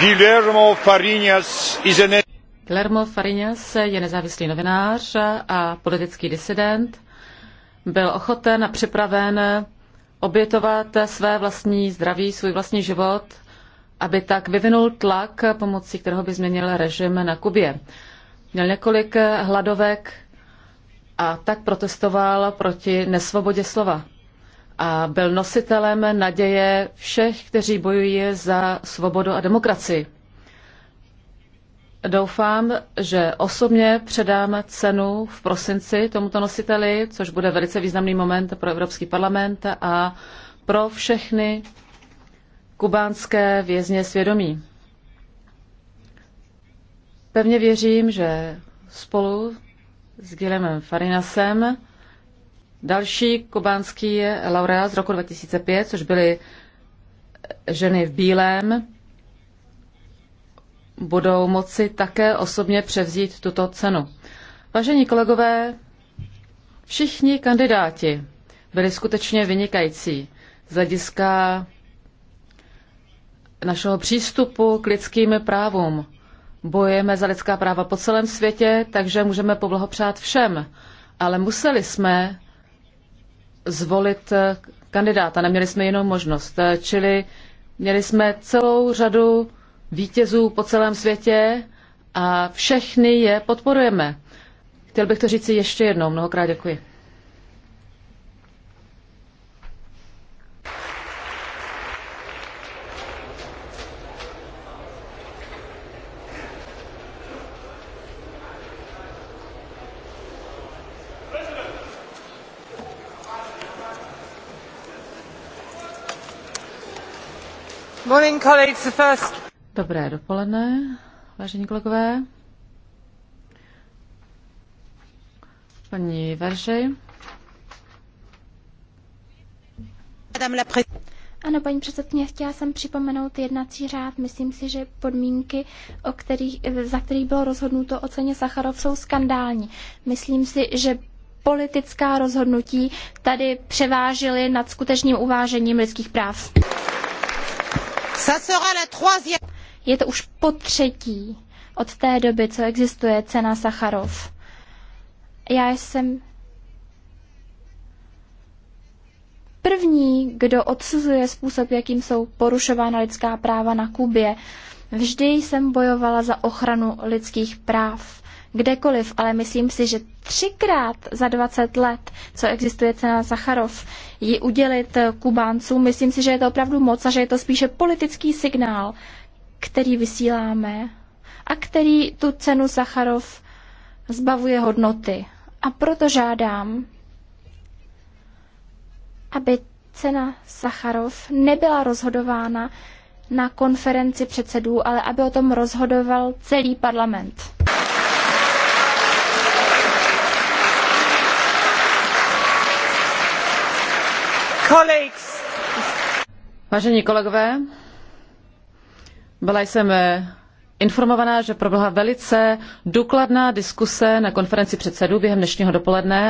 Guillermo Farinas is an... Guillermo Farinas je nezávislý novinář a politický disident. Byl ochoten a připraven obětovat své vlastní zdraví, svůj vlastní život, aby tak vyvinul tlak, pomocí kterého by změnil režim na Kubě. Měl několik hladovek a tak protestoval proti nesvobodě slova a byl nositelem naděje všech, kteří bojují za svobodu a demokracii. Doufám, že osobně předám cenu v prosinci tomuto nositeli, což bude velice významný moment pro Evropský parlament a pro všechny kubánské vězně svědomí. Pevně věřím, že spolu s Gilemem Farinasem Další kubánský laureát z roku 2005, což byly ženy v bílém, budou moci také osobně převzít tuto cenu. Vážení kolegové, všichni kandidáti byli skutečně vynikající z hlediska našeho přístupu k lidským právům. Bojujeme za lidská práva po celém světě, takže můžeme poblahopřát všem. Ale museli jsme zvolit eh, kandidáta. Neměli jsme jinou možnost. Eh, čili měli jsme celou řadu vítězů po celém světě a všechny je podporujeme. Chtěl bych to říci ještě jednou. Mnohokrát děkuji. Dobré dopoledne, vážení kolegové. Paní Veržej. Ano, paní předsedkyně, chtěla jsem připomenout jednací řád. Myslím si, že podmínky, o kterých, za kterých bylo rozhodnuto o ceně Sacharov, jsou skandální. Myslím si, že politická rozhodnutí tady převážily nad skutečným uvážením lidských práv. Je to už po třetí od té doby, co existuje cena Sacharov. Já jsem první, kdo odsuzuje způsob, jakým jsou porušována lidská práva na Kubě. Vždy jsem bojovala za ochranu lidských práv kdekoliv, ale myslím si, že třikrát za 20 let, co existuje cena Sacharov, ji udělit eh, Kubáncům, myslím si, že je to opravdu moc a že je to spíše politický signál, který vysíláme a který tu cenu Sacharov zbavuje hodnoty. A proto žádám, aby cena Sacharov nebyla rozhodována na konferenci předsedů, ale aby o tom rozhodoval celý parlament. Vážení kolegové, byla jsem eh, informovaná, že proběhla velice důkladná diskuse na konferenci předsedů během dnešního dopoledne